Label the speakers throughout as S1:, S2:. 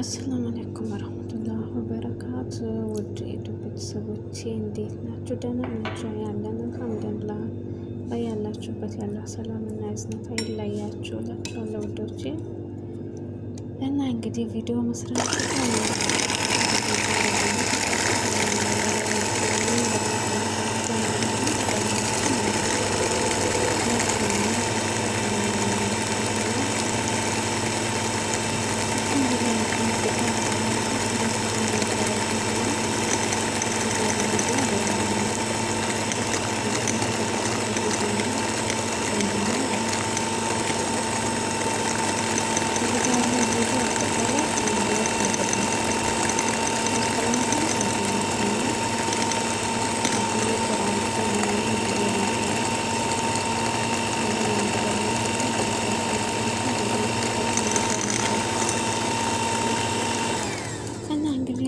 S1: አሰላሙ አለይኩም ወረህመቱላህ ወበረካቱ ውድ የዱ ቤተሰቦቼ እንዴት ናችሁ? ደህና ናችሁ? ያለን አልሐምዱሊላህ። በያላችሁበት ያለ ሰላም እና እዝነት አይለያችሁ እላችኋለሁ ውዶቼ እና እንግዲህ ቪዲዮ መስራት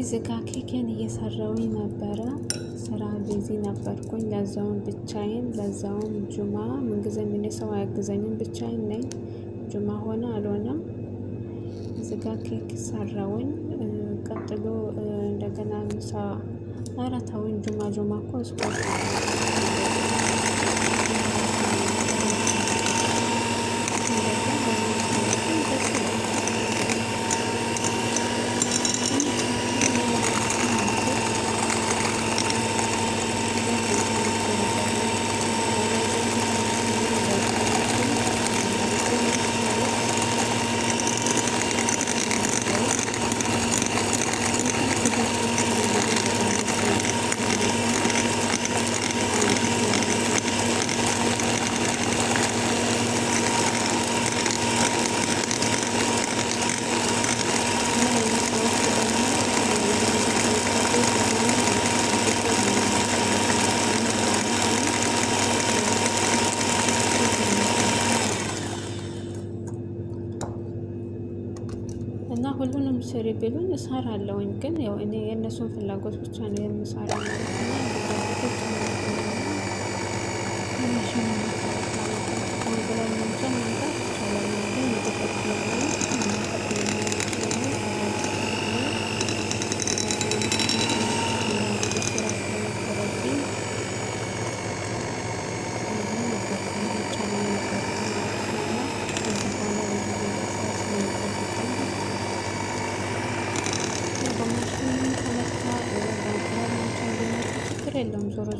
S1: እዚህ ጋ ኬኬን እየሰራውኝ ነበረ። ስራ ቢዚ ነበርኩኝ። ለዛውን ብቻዬን ለዛውን ጁማ ምንጊዜ ምን ሰው አያግዘኝም፣ ብቻዬን ነኝ። ጁማ ሆነ አልሆነም እዚህ ጋ ኬክ ሰራውኝ። ቀጥሎ እንደገና ምሳ አራታውን ጁማ ጁማ እኮ ስፖርት እሰራለሁኝ ግን ያው እኔ የእነሱን ፍላጎት ብቻ ነው የምሰራው ማለት ነው። ማሽን ማንሳት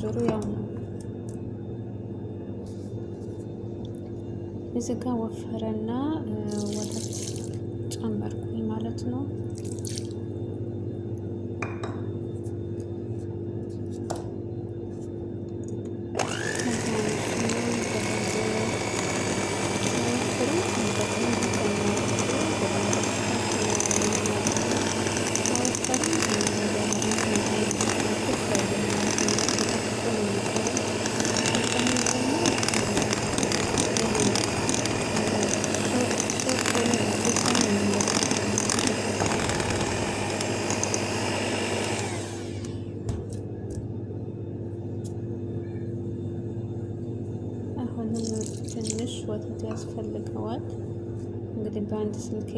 S1: ዙሩ ያው ነው። እዚህ ጋር ወፈረና ወተት ጨመርኩኝ ማለት ነው። በአንድ ስልክ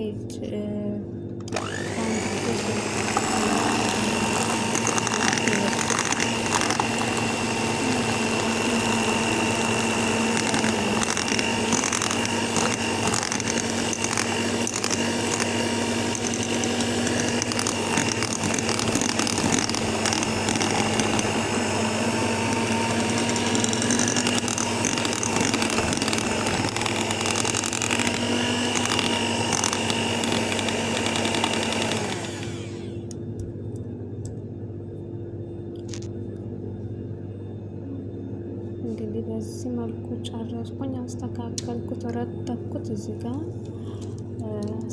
S1: እዚህ ጋር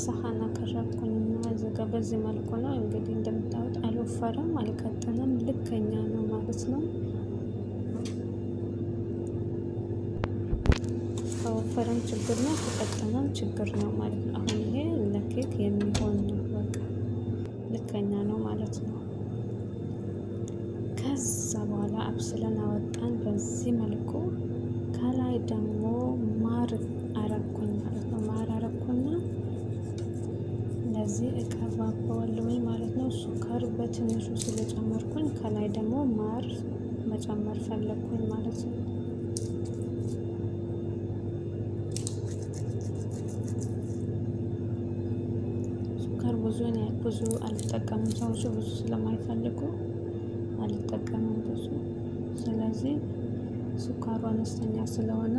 S1: ሰሃን አቀረብኩኝና እዚህ ጋር በዚህ መልኩ ነው እንግዲህ እንደምታዩት አልወፈረም፣ አልቀጠነም ልከኛ ነው ማለት ነው። ከወፈረም ችግር ነው፣ ከቀጠነም ችግር ነው ማለት ነው። አሁን ይሄ ለኬክ የሚሆን ነው፣ በቃ ልከኛ ነው ማለት ነው። ከዛ በኋላ አብስለን አወጣን በዚህ መልኩ ከላይ ደግሞ ማር እንደዚህ እቀባባዋለሁኝ ማለት ነው። ሱካር በትንሹ ስለጨመርኩኝ ከላይ ደግሞ ማር መጨመር ፈለግኩኝ ማለት ነው። ሱካር ብዙ ብዙ አልጠቀምም፣ ሰዎች ብዙ ስለማይፈልጉ አልጠቀምም ብዙ ስለዚህ ሱካሩ አነስተኛ ስለሆነ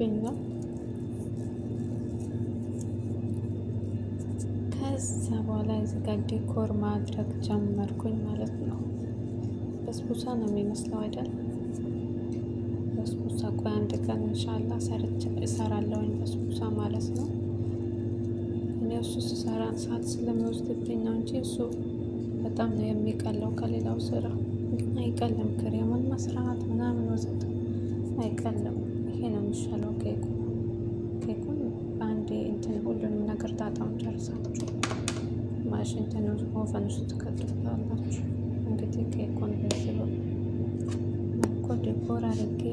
S1: አለብኝና ከዛ በኋላ እዚህ ጋር ዲኮር ማድረግ ጀመርኩኝ ማለት ነው። በስቡሳ ነው የሚመስለው አይደል? በስቡሳ ቆይ አንድ ቀን እንሻላ ሰርች እሰራለሁኝ በስቡሳ ማለት ነው። እኔ እሱ ስሰራ ሰዓት ስለሚወስድብኝ ነው እንጂ እሱ በጣም ነው የሚቀለው ከሌላው ስራ ግን አይቀልም። ክሬሙን መስራት ምናምን ወዘተ አይቀልም። ይሄ ነው የሚሻለው ኬኩ። ኬኩን በአንዴ እንትን ሁሉንም ነገር ጣጣም ጨርሳችሁ ማሽን ትንሽ ኦቨን ውስጥ ትከትታላችሁ። እንግዲህ ኬኩን በዚህ መልኩ ዲኮር አድርጌ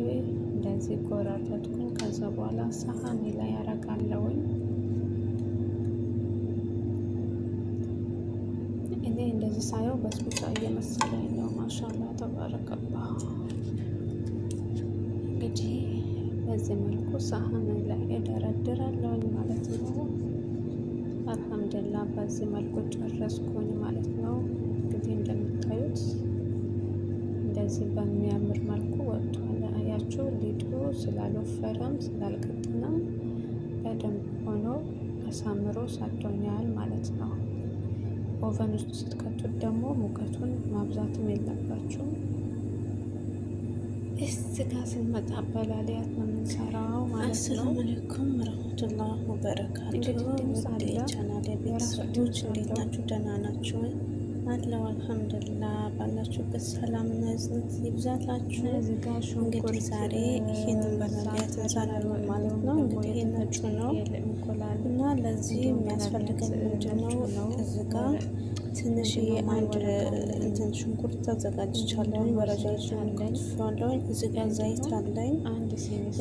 S1: እንደዚህ ቆራረጥኩኝ። ከዛ በኋላ ሳህኔ ላይ ያረጋለውኝ እኔ እንደዚህ ሳየው በስብቻ እየመሰለኝ ነው። ማሻላ ተባረከላ እንግዲህ በዚህ መልኩ ሳህኑ ላይ እደረድራለሁኝ ማለት ነው። አልሐምድላ በዚህ መልኩ ጨረስኩኝ ማለት ነው። እንግዲህ እንደምታዩት እንደዚህ በሚያምር መልኩ ወጥቷል። አያችሁ ሊጡ ስላልወፈረም ስላልቀጠነም በደንብ ሆኖ አሳምሮ ሰጥቶኛል ማለት ነው። ኦቨን ውስጥ ስትከቱት ደግሞ ሙቀቱን ማብዛትም የለባችሁም። እስጋ ስንመጣ አበላሊያት ነው የምንሰራው ማለት ነው። አሰላሙ አለይኩም ወረህመቱላህ ወበረካቱ። ቻናል ቤተሰቦች እንዴት ናችሁ? ደህና ናችሁ? አለው አልሐምዱላ። ባላችሁበት ሰላም እና እዝነት ይብዛላችሁ። እንግዲህ ዛሬ ይሄን በላሊያት እንሰራለን ማለት ነው። እንግዲህ ነጩ ነው እና ለዚህ የሚያስፈልገን ምንድን ነው እዚህ ጋር ትንሽ ይሄ አንድ እንትን ሽንኩርት ታዘጋጅቻለሁ። በረጃ ሽንኩርትለኝ እዚህ ጋር ዘይት አለኝ።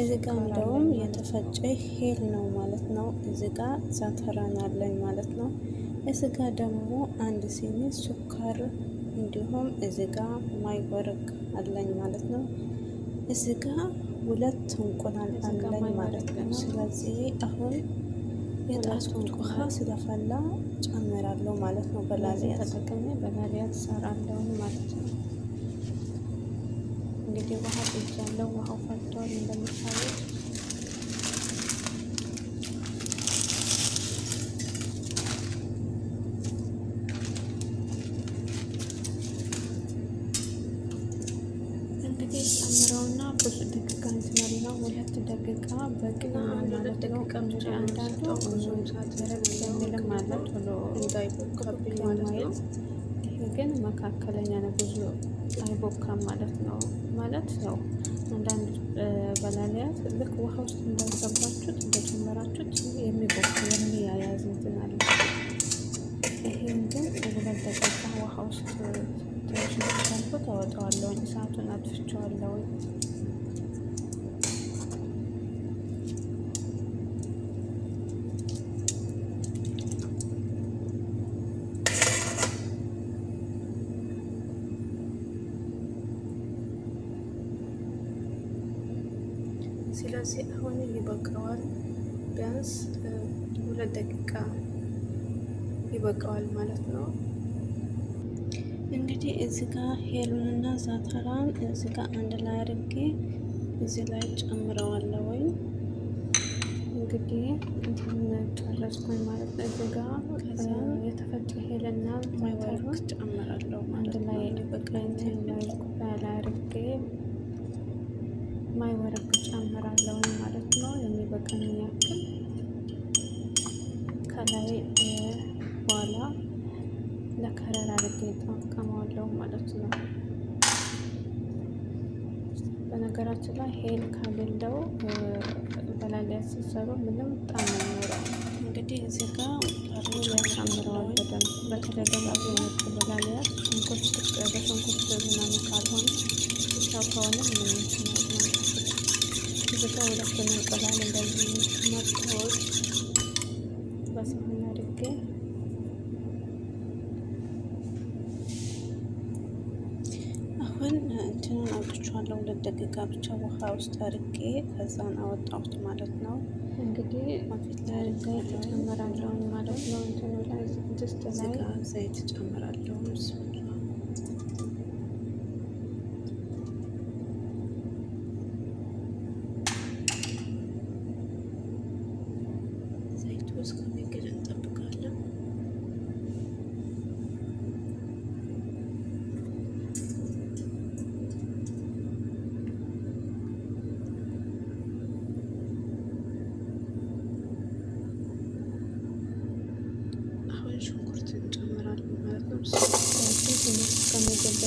S1: እዚህ ጋር እንደውም የተፈጨ ሄል ነው ማለት ነው። እዚህ ጋር ዛተራን አለኝ ማለት ነው። እዚህ ጋር ደግሞ አንድ ሲኒ ሱካር እንዲሁም እዚህ ጋር ማይ ወርቅ አለኝ ማለት ነው። እዚህ ጋር ሁለት እንቁላል አለኝ ማለት ነው። ስለዚህ አሁን የጣስኩት ውሃ ስለፈላ ጨምራለሁ ማለት ነው። በላሊያ ተጠቅሜ በላሊያ ትሰራለሁ ማለት ነው። እንግዲህ ውሃ ጥጅ ያለው ውሃው ፈልቷል እንደምታዩት እንግዲህ ጨምረውና ብዙ ደቂቃ እንትናለው ሁለት ደቂቃ በቅና ደግሞ ግን መካከለኛ ነው፣ ብዙ አይቦካም ማለት ነው። ማለት ያው አንዳንድ በላሊያት ልክ ውሃ ውስጥ እንዳይገባችሁት እንደጨመራችሁት የሚቦካ የሚያያዝ እንትን አለ። ይሄን ግን ሁለት ውሃ ውስጥ ትንሽ ታወጣዋለሁ፣ እሳቱን አጥፍቼዋለሁ። እንቅስቃሴ አሁን ይበቃዋል። ቢያንስ ሁለት ደቂቃ ይበቃዋል ማለት ነው። እንግዲህ እዚህ ጋር ሄሉንና ዛተራን እዚ ጋ አንድ ላይ አድርጌ እዚ ላይ ጨምረዋለሁ። ወይም እንግዲህ ጨረስኩኝ ማለት ነው። እዚ ጋ የተፈጨ ሄልና ጨምራለሁ አንድ ላይ በቃ ላይ አድርጌ ማይ ወረቅ ጨምራለሁ ማለት ነው። የሚበቃኝ ያክል ከላይ በኋላ ለከረር አድርጌ እጠቀመዋለሁ ማለት ነው። በነገራችን ላይ ሄል ከሌለው በላሊያ ሲሰሩ ምንም ጣም ይኖረው። እንግዲህ እዚህ ጋር ሩ ያሳምረዋል በደንብ በተለይ ደግሞ ነጭ በላሊያ ሽንኩርት በሽንኩርት ምናምን ካልሆነ ብቻ ከሆነ ምን ይችላል ስጋ ሁለቱን እንቁላል እንደዚህ መታወቅ በሳህን አድርጌ አሁን እንትኑን አውጥቼዋለሁ። ሁለት ደቂቃ ብቻ ውሃ ውስጥ አድርጌ ከዛን አወጣሁት ማለት ነው። እንግዲህ ፊት ላይ ዘይት እጨምራለሁ ማለት ነው። እንትኑ ላይ ስጋ ዘይት እጨምራለሁ።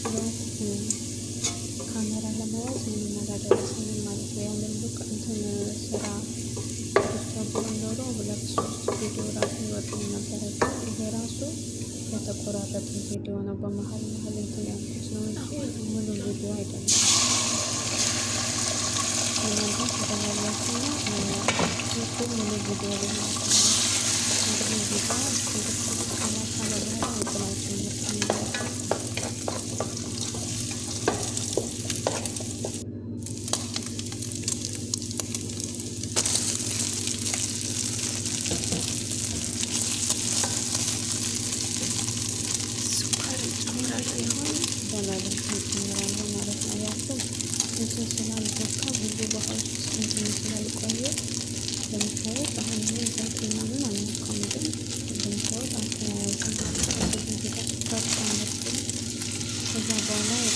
S1: ያው ካሜራ ለመያዝ ምንም አላደረሰኝም ማለት ነው። ያንን ቡክ እንትን ስራ ብቻቸውን ኖሮ ሁለት ሶስት ቪዲዮ ራሱ ይወጡ ነበረ። ይሄ ራሱ የተቆራረጠ ቪዲዮ ነው። በመሀል መሀል እንትን ያልኩት ነው እንጂ ሙሉ ቪዲዮ አይደለም። እናንተ ተደመላችሁ ሙሉ ቪዲዮ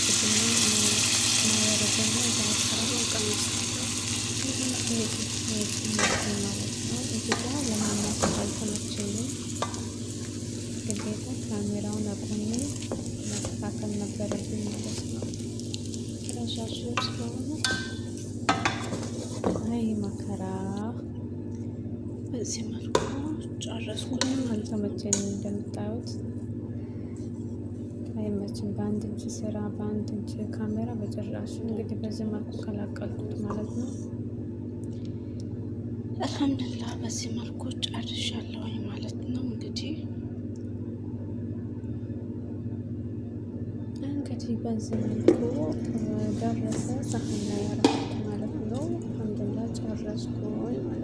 S1: que tenemos. አይመችም። በአንድ እጅ ስራ፣ በአንድ እጅ ካሜራ በጭራሽ። እንግዲህ በዚህ መልኩ ከላቀልኩት ማለት ነው። አልሐምዱሊላህ በዚህ መልኩ ጨርሻለሁ ማለት ነው። እንግዲህ እንግዲህ በዚህ መልኩ ደረሰ ሳህን ላይ ያረኩት ማለት ነው። አልሐምዱሊላህ ጨረስኩኝ ማለት ነው።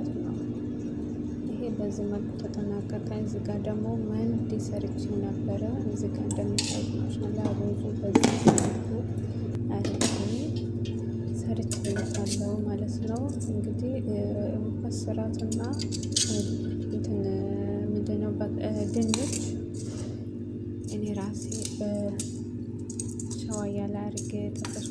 S1: በዚህ መልኩ ተጠናቀቀ። እዚህ ጋር ደግሞ ምን ዲሰርች ነበረ። እዚህ ጋር እንደሚታዩት አሮዙ በዚህ መልኩ አድርጌ ሰርቼ ይሳለው ማለት ነው። እንግዲህ መስራትና እንትን ምንድነው ድንች እኔ ራሴ በሸዋያ ላይ አድርጌ ተፈ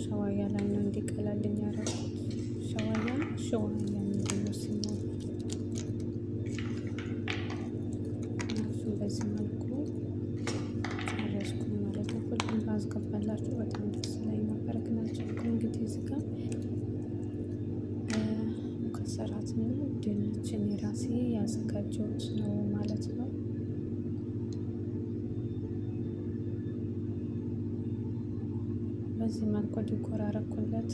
S1: ሸዋያ ላይ ነው እንዲቀላልኝ ያደረኩት። ሸዋያ ሸዋያ ምንድነው ስሙ? እሱም በዚህ መልኩ ጨረስኩኝ ማለት ነው። ሁሉም ባስገባላችሁ በጣም ደስ ላይ ነበር፣ ግን አልቻልኩም። እንግዲህ እዚህ ጋር ሙከሰራትና ድንችን የራሴ ያዘጋጀሁት ነው ማለት ነው። በዚህ መልኩ ዲኮር አረኩለት።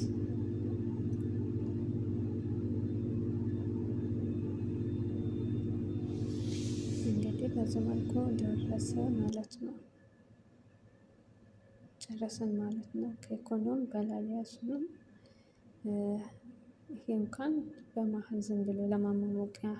S1: እንግዲህ በዚህ መልኩ ደረሰ ማለት ነው። ጨረሰን ማለት ነው። ከኢኮኖም በላይ ያሱንም ይህ እንኳን በመሀል ዝም ብሎ ለማሞቂያ